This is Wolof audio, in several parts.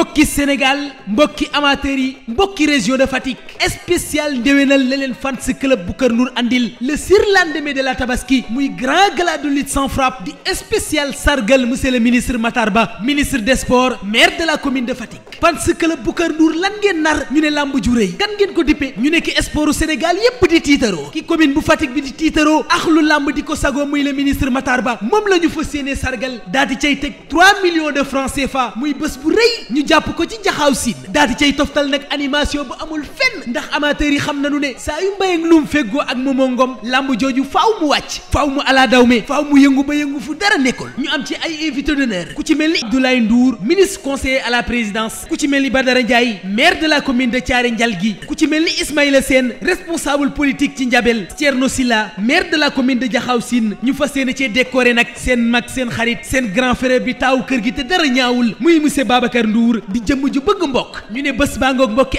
mbokki Sénégal mbokki amateurs yi mbokki région de Fatick spécial ndéwénal la leen fan si club bu Kër Ndour andil le surlendemain de la tabaski muy grand gala de lutte sans frappe di spécial sargal monsieur le ministre Matar Ba ministre des sports maire de la commune de Fatick fan si club bu Kër Ndour lan ngeen nar ñu ne làmb ju rëy kan ngeen ko dippe ñu ne ki sportu Sénégal yépp di tiitaroo ki commune bu Fatick bi di tiitaroo ax lu làmb di ko sagoo muy le ministre Matar Ba moom la ñu fas yéene sargal daal di cay teg 3 millions de francs CFA muy bés bu rëy ñu jàpp ko ci jaxaaw siin daal cay toftal animation bu amul fenn ndax amateurs yi xam nañu ne saa yu mbéy ak lum feggoo ak Momo Ngom jooju faaw mu wàcc faw mu ala daw me faw mu yëngu ba yëngu fu dara nekkul ñu am ci ay invité d'honneur ku ci mel ni Abdoulaye nduur ministre conseiller à la présidence ku ci mel ni Badara Ndiaye maire de la commune de caari njal gi ku ci mel ni Ismaïla Sène responsable politique ci Ndiabel Thierno Silla maire de la commune de jaxaw Sine ñu fa yéene cee décoré nag seen mag seen xarit seen grand frère bi taaw kër gi te dara ñaawul muy monsieur Babacar Ndour di jëmm ju bëgg mbokk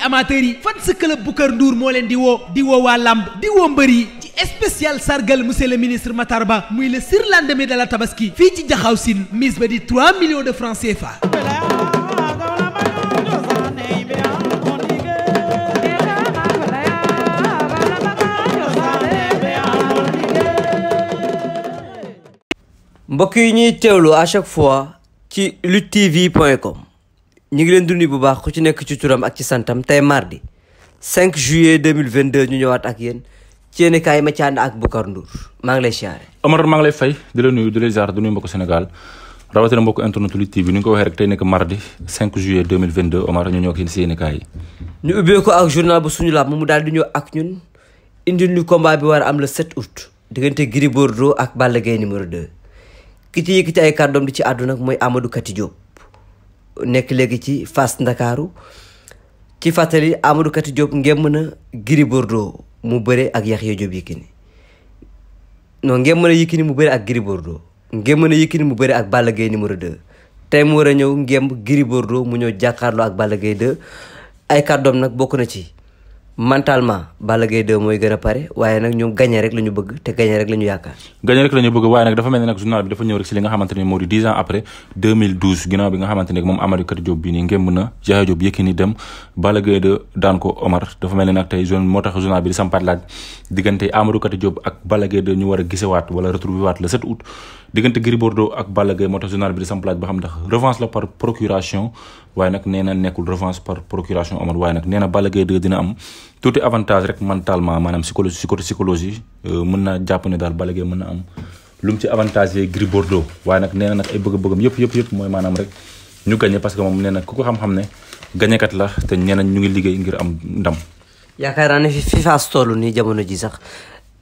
amateur yi fan sa club moo leen di woo di woo sargal monsieur le ministre Matar Ba muy le surlendemain de la tabaski fii ci jaxaw sin mise ba de francs CFA mbokk yi ñuy teewlu à chaque fois ci luttetv.com ñu ngi leen dundi bu baax ku ci nekk ci turam ak ci santam tey mardi 5 juillet 2022 ñu ñëwaat ak yéen ci yéen kaay ma caand ak Boucar Ndour maa ngi lay siyaare Omar maa ngi lay fay di la nuyu di lay ziar du mbokk Sénégal rawatina mbokk internet TV ni nga ko waxee rek tey nekk mardi 5 juillet 2022 Omar ñu ñëw ak kaay ñu ubbee ko ak journal bu suñu làmb mu daal di ñëw ak ñun indi ñu combat bi war a am le 7 août diggante Gris Bordeaux ak Balla Gaye numéro 2 ki ci yëkkati ay kàddoom di ci àdduna mooy Amadou Kati Diop nekk léegi ci fas Ndakaaru ci fàttali amatukati Kati Diop ngémm na Gris Bordeaux mu bëre ak Yaxya Diop Yékini non ngémm na Yékini mu bëre ak Gris Bordeaux ngémm na Yékini mu bëre ak Balla Gaye numéro 2 tey mu war a ñëw ngémm Gris Bordeaux mu ñëw jàkkaarloo ak Balla Gaye 2 ay kàddoom nag bokk na ci mantalement Balla Gaye 2 mooy gën a pare waaye nag ñoom gagné rek bëgg te gagné rek ñu yaakaar gagné rek la ñu bëgg waaye nag dafa mel ni nag journal bi dafa ñëw rek nga xamante ne moo moom Amadou Kat bi nii ngémb na Yaya Diop Yékini dem Balla daan ko Omar dafa mel ni nag tey zone moo tax journal bi di sampaat laaj diggante Amadou Kat ak Balla ñu war a gisewaat wala retrouver waat le 7 août diggante Gris Bordeaux ak Balla Gaye moo tax journal bi di sampaat laaj ba waaye nag nee na nekkul revanche par procuration amul waaye nag nee na Balla Gaye 2 dina am tuuti avantage rek mentalement maanaam psychologie si côté euh, jàpp ne daal Balla Gaye mën na am lu mu ci avantage yee Gris Bordeaux waaye nag nee na ay bëgg-bëggam yëpp yëpp yëpp mooy maanaam rek ñu gagné parce que moom nee ku ko xam-xam ne gañekat la te ñeneen ñu ngi liggéey ngir am ndam. yaakaar naa ne fi FIFA toll nii jamono sax.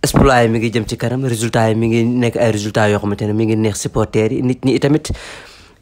exploit yi mi ngi jëm ci kanam résultat yi ngi nekk ay résultat yoo xamante ne mi ngi neex yi nit ñi itamit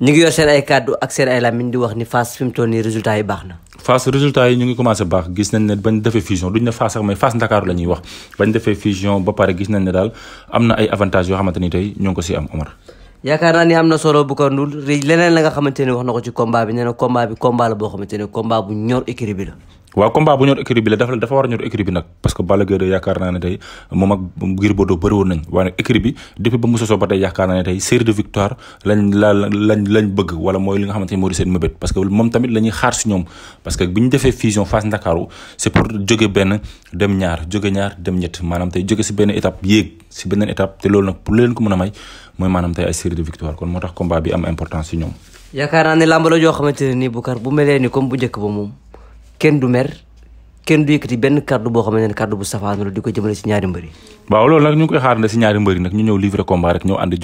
ñu ngi yor seen ay kàddu ak seen ay làmmiñ di wax ni Fass fi mu toll nii résultat yi baax na. Fass résultat yi ñu ngi commencé baax gis nañ ne bañ defee fusion duñ ne Fass sax mais Fass Ndakaaru la wax bañ defee fusion ba pare gis nañ ne daal am na ay avantages yoo xamante ni tey ñoo ngi ko si am Omar. yaakaar naa ni am na solo bu ko ndul leneen la nga xamante ne wax na ko ci combat bi nee na combat bi combat la boo xamante ne combat bu ñor écurie la. waaw combat bu ñor écurie bi la dafa dafa war ñor écurie bi nag parce que Balla Gaye yaakaar naa ne tey moom ak Gris Bordeaux bëri woon waaye nga xamante ni moom maanaam tey ay série de victoire kon moo tax combat bi am importance si ñoom yaakaar naa ne làmb la joo xamante ne nii Boucar bu melee ni comme bu njëkk ba moom kenn du mer kenn du yëkkati benn kàddu boo xamante ne kàddu bu safaanu la di ko jëmale si ñaari mbëri waaw loolu nag ñu ngi koy xaar na si ñaari mbëri nag ñu ñëw livre combat rek ñëw àndi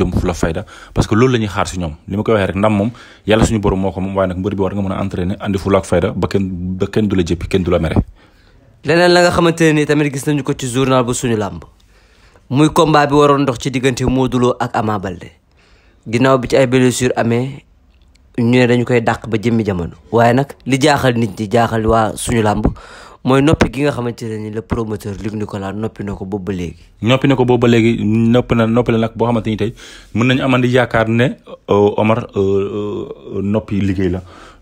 bi war a entraîner àndi fu la ak fayda ba kenn ba kenn du la nga xamante ne ni tamit gis nañu ko ci journal bu suñu làmb ci diggante moo Lo ak Ama Baldé ginnaaw bi ci ay blessure amee ñu ne dañu koy dàq ba jëmmi jamono waaye nag li jaaxal nit ñi jaaxal waa suñu làmb mooy noppi gi nga xamante ne ni le promoteur Luc Nicolaï noppi na ko boobu ba léegi. noppi na ko boobu ba léegi noppi na noppi la nag boo xamante ni tey mën nañu amandi yaakaar ne euh, Omar euh, euh, noppi liggéey la.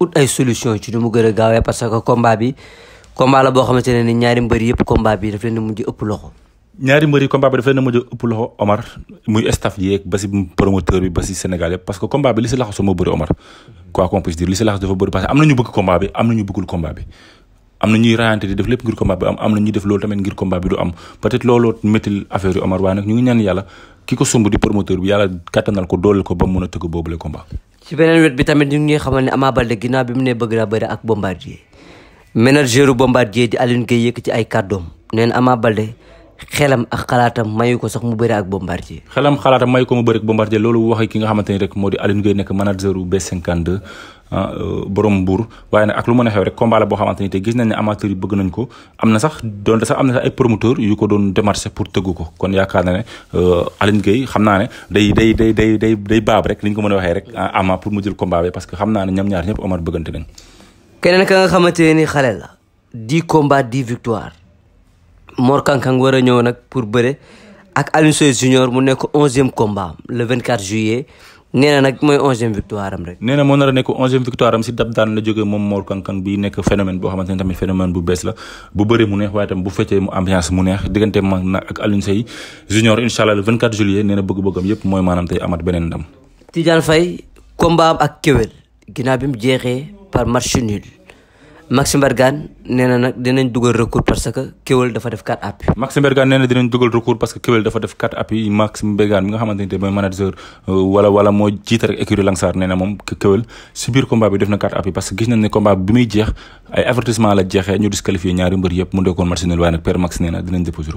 ut ay solution ci nu mu gën a gaawee parce que combat bi boo xamante ne ñaari mbër yëpp combat bi daf leen a mujj ëpp loxo. a mujj ëpp loxo Omar muy staff yi yeeg ba si promoteur bi ba si Sénégal yëpp parce que combat li si laxasu moo bëri Omar. quoi qu'on li si laxasu dafa bëri parce que am na ñu bëgg combat bi am na ñu bëggul combat bi. am na ñuy raante di def lépp ngir combat am am na ñuy def loolu tamit ngir combat du am peut looloo méttil affaire yu Omar waaye nag ko sumb ko a tëgg boobule combat. ci beneen wet bi tamit ñu ngi ñuy xamal ne Ama Baldé ginnaaw bi mu ne bëgg naa bëri ak Bombardier manageru Bombardier di Aline Gueye yëkk ci ay kàddoom nee na Ama Baldé xelam ak xalaatam mayu ko sax mu bëri ak Bombardier xelam xalaatam mayu ko mu bëri ak Bombardier loolu waxi ki nga xamante ni rek moo di Aline Gueye nekk manageru B52 Ah, euh, borom mbuur waaye nag ak lu mën a xew rek combat la boo xamante ni te gis nañ ne amateur yi bëgg nañ ko am na sax doon sax am na sax ay promoteur yu ko doon démarché pour tëggu ko kon yaakaar na ne euh, Aline Gueye xam naa ne day day day day day day baab rek li ñu ko mën a waxee rek ah, ama pour mu jël combat bi parce que xam naa ne ñoom ñaar ñëpp Omar bëggante nañ keneen ka nga xamante ni xale la dix combat dix victoire Mor Kankang war a ñëw nag pour bëre ak Alioune Sèye junior mu nekk onzième combat le vingt-quatre juillet nee na nag mooy onzième victoire am rek. nee moo nar a nekk onzième victoire am si dab daan la jógee moom Mor Kang Kang bi nekk phénomène boo xamante ne tamit phénomène bu bees la bu bëri mu neex waaye tamit bu feccee mu ambiance mu neex diggante mag na ak Alioune Seye junior incha allah le 24 juillet nee bëgg-bëggam yëpp mooy maanaam tey amat beneen ndam. Tidiane Faye combat ak Kewel ginnaaw bi mu jeexee par match Maxime Bergane nee nag dinañ dugal recours parce que Kewel dafa def 4 appui. Maxime Bergane nee na dugal recours parce que Kewel dafa def 4 appui Maxime Bergane mi nga xamante ne mooy manager euh, wala wala moo jiite rek écurie Langsar nee na moom Kewel si biir combat bi def na 4 appui parce que gis nañ ne combat bi muy jeex ay avertissement la jeexee ñu disqualifié ñaari mbër yëpp mu nekkoon match nul waaye Max nee na dinañ déposer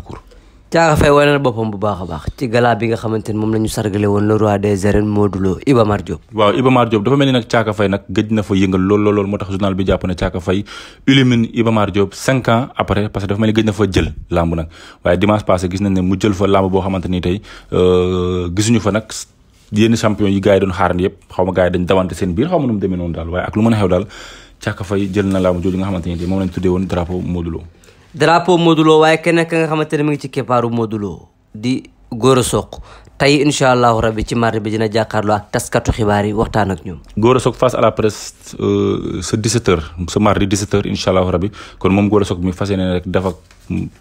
Thiaka Faye wane na boppam bu baax a baax ci gala bi nga xamante moom la ñu sargale woon le roi des arènes Modou Lo Iba Mar Diop waaw Iba Mar dafa mel ni nag Thiaka Faye nag gëj na lool lool lool moo tax journal bi jàpp ne Thiaka Faye illumine Iba cinq ans après parce dafa mel ni gëj na fa jël làmb nag waaye dimanche passé ne mu jël fa làmb boo xamante ni tey euh, gisuñu fa nag yenn champion yi gars yi doon xaarandi yëpp xaw ma gars yi dawante seen biir xaw ma nu mu demee noonu daal waaye ak lu mën a xew daal Thiaka Faye jël na làmb jooju nga xamante Lo drapeau Modou waaye keneen ka nga xamante ne mu ngi ci keppaaru Modou Lo di Gora soq tey incha allahu rabbi ci mardi bi dina jàkkaarloo ak taskatu xibaar yi waxtaan ak ñoom. Gora Sock face à la presse sa 17 sa mardi 17h incha allahu rabbi kon moom Gora Sock mi fas ne rek dafa.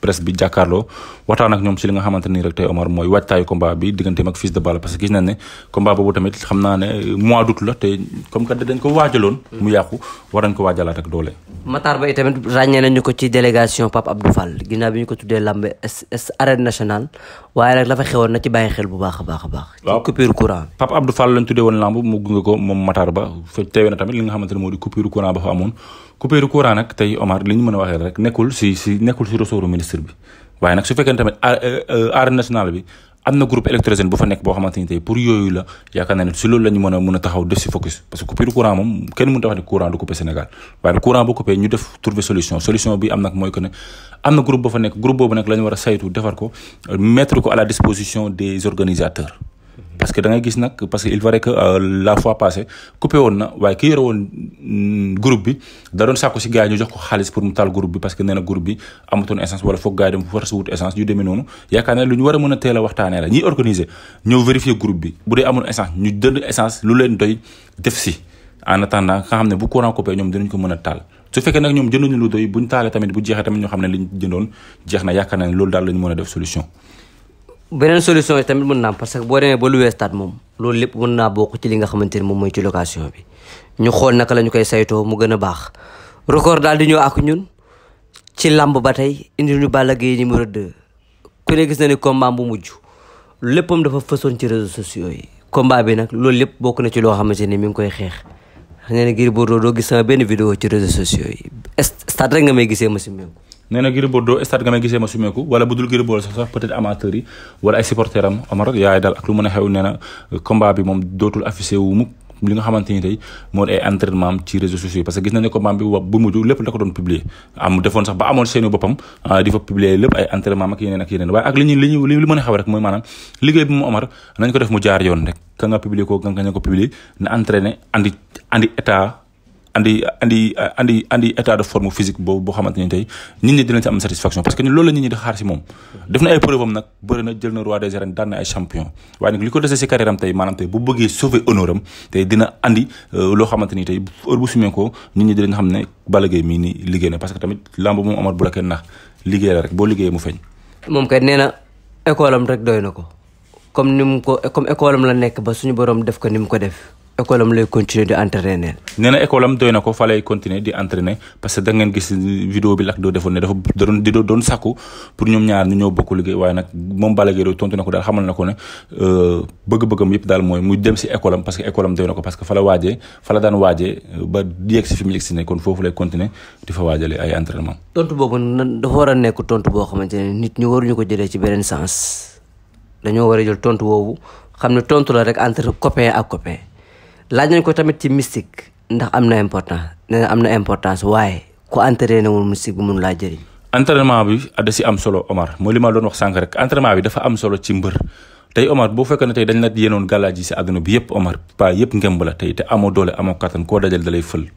presse bi jàkkaarloo waxtaan ak ñoom si li nga xamante ni rek tey Omar mooy waajtaayu combat bi diggante mag Fils de Balla parce que gis nañ ne combat boobu tamit xam naa ne mois d'août la te comme que dañ ko waajaloon. mu yàqu war nañ ko waajalaat ak doole. Matar Ba itamit ràññee nañu ko ci délégation Pape Abdou Fall ginnaaw bi ñu ko tuddee lambe S arène nationale waaye nag la xewoon na ci bàyyi xel bu baax a baax a baax. waaw coupure courant bi. Pape Abdou Fall lañ tuddee woon lamb coupé du courant nag tey Omar li ñu mën a waxee rek nekkul si si nekkul si ressortu ministre bi waaye nag su fekkee ne tamit euh, euh, arène nationale bi am na groupe électrogène bu fa nekk boo xamante tey pour yooyu la yaakaar naa ne si loolu la ñu mën a mën a taxaw def si focus parce que coupé du courant moom kenn mënut a wax ne courant du coupé Sénégal waaye courant bu coupé ñu def trouver solution solution bi am nag mooy que ne am na groupe ba fa nekk groupe a saytu defar la disposition des organisateurs parce que da ngay gis nag parce que il paraît que euh, la fois passée coupé woon na waaye ki yore woon mm, bi da doon sàkku si gars yi ñu jox ko xaalis pour mu taal groupe bi parce que nee na groupe bi amatoon essence wala foog gars yi dem force wut essence yu demee noonu yaakaar naa lu ñu war a mën a teel a waxtaanee la ñiy organiser ñëw vérifier groupe bi bu dee amul essence ñu dënd essence lu leen doy def si en attendant nga xam ne bu courant coupé ñoom dinañ ko mën a taal su fekkee nag ñoom jëndoon loolu daal la ñu mën a beneen solution yi tamit mën naa am parce que boo demee ba luwee stade moom loolu lépp mën naa bokk ci li nga xamante ni moom mooy ci location bi ñu xool naka la ñu koy saytoo mu gën a baax record daal di ñëw ak ñun ci làmb ba tey indi ñu Balla Gaye numéro 2 ku ne gis na ni combat bu mujj léppam dafa fësoon ci réseaux sociaux yi combat bi nag loolu lépp bokk na ci loo xamante ni mi ngi koy xeex xam nga ne Gris Bordeaux doo gis sama benn vidéo ci réseaux sociaux yi stade nga may gisee ma si méngo nee na Gris Bordeaux stade nga may gisee ma sumeeku wala bu dul Gris sax sax peut yi wala ay supporters Omar yaay daal ak lu mën a xew nee na euh, moom dootul affiché wu nga xamante ni tey moo ay entraînement am ci réseaux sociaux yi parce que gis nañ ne combat bi wa bu mujj lépp da ko doon publier am a xaw rek mooy maanaam liggéey ko def mu jaar yoon rek ka nga publier ko ka nga ko publier na entraîné andi andi état andi andi andi état de forme physique boobu boo xamante ni tey nit ñi dinañ si am satisfaction parce que loolu la ñi di xaar si moom def na ay preuve am nag am tey maanaam tey bu bëggee dina andi euh, loo xamante ni tey heure bu sumee ko nit ñi dinañ xam ne Balla mii ni liggéey na parce que tamit lamb moom amat bu la kenn nax liggéey la rek boo liggéeyee mu feeñ moom kay nee na école am rek doy na ko comme ni mu ko comme école am la nekk ba suñu borom def ko ni mu ko def école am lay continuer di entraîner. nee na doy na ko fa lay continuer di entraîner parce que da ngeen gis vidéo bi Lac 2 defoon ne dafa doon di doon sàkku pour ñoom ñaar ñu ñëw bokk liggéey waaye ko daal xamal na ko euh, mu dem si école parce que école am doy na ko parce que fa la waajee fa la daan waajee euh, lay continuer di fa waajale ay entraînement. tontu boobu dafa war a nekk tontu boo xamante ne nit ñi waruñu ko jëlee ci beneen sens dañoo war a jël tontu woowu xam ne tontu la rek entre copain ak copain. laaj nañ ko tamit ci mystique ndax am na importance nee na am na importance waaye ku entraîné wul mystique bu mun laa jëriñ. entraînement bi da si am solo Omar mooy li ma doon wax sànq rek entraînement bi dafa am solo ci mbër. tey Omar boo fekkee na tey dañ la yéenoon gàllaaj yi si àdduna bi yëpp Omar paa yëpp ngemb la tey te amoo doole amoo kattan koo dajal dalay fël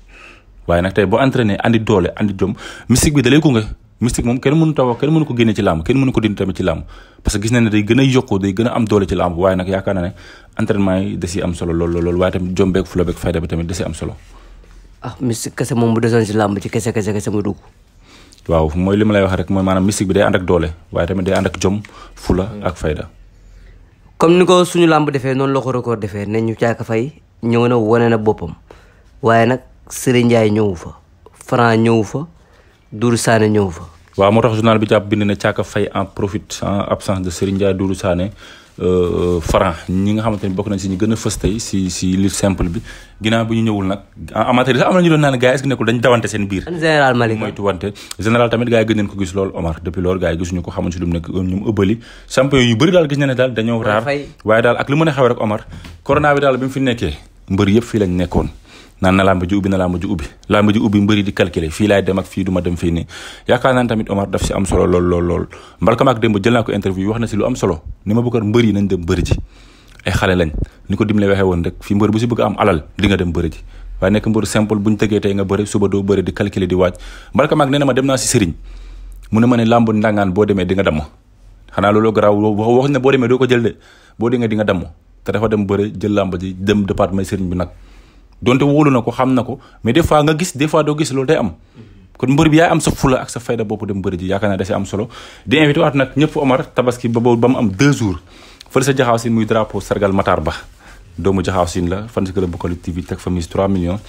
waaye nag tey boo entraîné andi doole andi jom mystique bi dalay gunge mystique moom kenn mënu ta wax kenn mënu ko génne dindi tamit ci làmb parce que gis nañ ne day gën a yokku day gën a am doole ci làmb waaye nag yaakaar lool lool waaye tamit jom beeg fula beeg fayda bi ah, kese moom bu desoon ci làmb ci kese kese kese mu waaw mooy li ma lay wax rek mooy maanaam mystique bi day ànd ak doole waaye tamit day ànd ak jom fula hmm. ak fayda. comme ni ko suñu làmb defee noonu la ko record defee ne ñu caaka fay ñëw na wane na boppam waaye nag Serigne Ndiaye ñëwu fa Franc ñëwu fa. Dourou Sané ñëw fa. waaw moo tax journal bi jàpp bind na Thiaka Faye en profite en absence de Serigne Ndiaye Dourou Sané euh, euh, Franc ñi nga xamante bokk nañ si ñu gën a tey si si lutte simple bi ginnaaw bi ñu ñëwul nag amateur sax am na ñu doon naan gars yi est-ce que nekkul dañ dawante seen biir général Malick général tamit gars yi gën nañ ko gis loolu Omar depuis loolu yi gisuñu ko xamuñ si lu mu nekk euh, ñoom ëbbali champion yu bëri daal gis na daal dañoo raar waaye a xew rek bi daal bi mu nekkee mbër yëpp fii lañ nekkoon naan na làmb ji ubbi na làmb ji ubbi làmb ji ubbi mbëri di calculer fii laay dem ak fii du ma dem fii nii yaakaar naan tamit Omar daf si am solo lool lool lool mbalka maak démb jël naa ko interview wax na si lu am solo ni ma bëggoon mbëri nañ dem mbëri ay xale lañ ni ko dimle waxee woon rek fii mbër bu si bëgg am alal di nga dem mbëri ji waaye nekk mbër simple buñ tëggee tey nga bëri suba doo bëri di calculer di waaj mbalka maak na ma dem naa si ma ne làmb ndangaan boo demee di nga damm xanaa loolu garaaw wax ne boo demee doo ko jël de boo di nga di nga damm te dafa dem bëri jël làmb ji dem département sëriñ bi nag donte woolu na ko xam na ko mais des fois nga gis des fois doo gis loolu day am kon mbër bi yaay am sa fula ak sa fayda bopp dem mbër ji yaakaar naa da si am solo di invité waat nag ñëpp Omar tabaski ba ba mu am deux jours fële sa jaxaaw sin muy drapeau sargal Matar Ba doomu jaxaaw sin la fan si a bu collectif yi teg fa mise 3 millions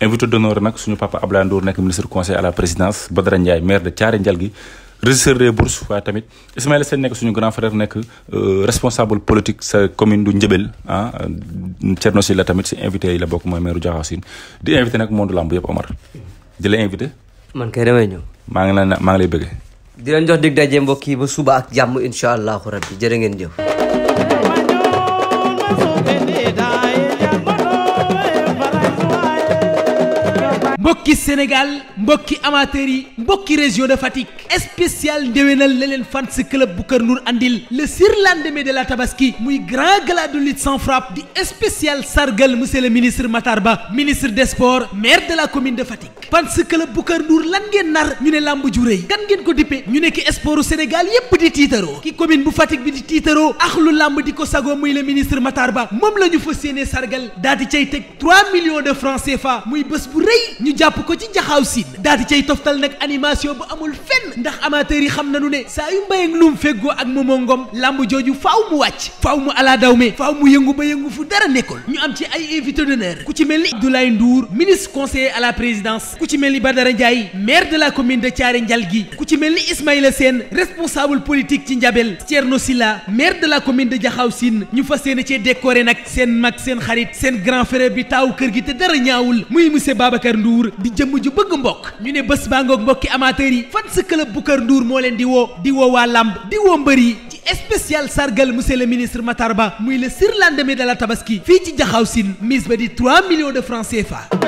invité d'honneur nag suñu papa Abdoulaye Ndour nekk ministre conseil à la présidence Badara Ndiaye maire de régisseur des bourses waaye tamit Ismaïla Sène nekk suñu grand frère nekk euh, responsable politique sa commune du Njëbel ah euh, Thierno si la tamit si invité yi la bokk mooy maire Diakhou di invité nag monde lamb yëpp Omar di la invité. man kay damay ñëw. maa ngi naan maa ngi lay bëggee. di leen jox dig daje mbokk yi ba suba ak jàmm incha allahu rabbi jërë ngeen jëf. mbokki Sénégal mbokki amateurs yi mbokki région de Fatick spécial ndéwénal la leen fans club bu Kër Ndour andil le surlendemain de la tabaski muy grand gala de lutte sans frappe di spécial sargal monsieur le ministre Matar Ba ministre des sports maire de la commune de Fatick fans club bu Kër Ndour lan ngeen nar ñu ne làmb ju rëy kan ngeen ko dippe ñu ne ki sportu Sénégal yépp di tiitaroo ki commune bu Fatick bi di tiitaroo ax lu làmb di ko sagoo muy le ministre Matar Ba moom la ñu fas yéenee sargal daal di cay teg 3 millions de francs CFA muy bés jàpp ko ci jaxaaw siin daal di cay toftal nag animation bu amul fenn ndax amateurs yi xam na nañu ne saa yu mbéy ak lum feggoo ak Momo Ngom lamb jooju faw mu wàcc faw mu ala daw me faaw mu yëngu ba yëngu fu dara nekkul ñu am ci ay invité d'honneur ku ci mel ni Abdoulaye nduur ministre conseil à la présidence ku ci mel ni Badara Ndiaye maire de la commune de njal gi ku ci mel ni Ismaïla Sène responsable politique ci Njabel Thierno Silla maire de la commune de Jaxaw Sine ñu fas yéene cee décorer nag seen mag seen xarit seen grand frère bi taaw kër gi te dara ñaawul muy monsieur Babacar Ndour Ndour di jëmm ju bëgg mbokk ñu ne bés baa ngoog mbokki amateur yi fan sa club bu Kër Ndour moo leen di woo di woo waa lamb di woo mbër yi ci spécial sargal monsieur le ministre Matar Ba muy le surlendemain de la tabaski fii ci jaxaw sin mise ba di 3 millions de francs CFA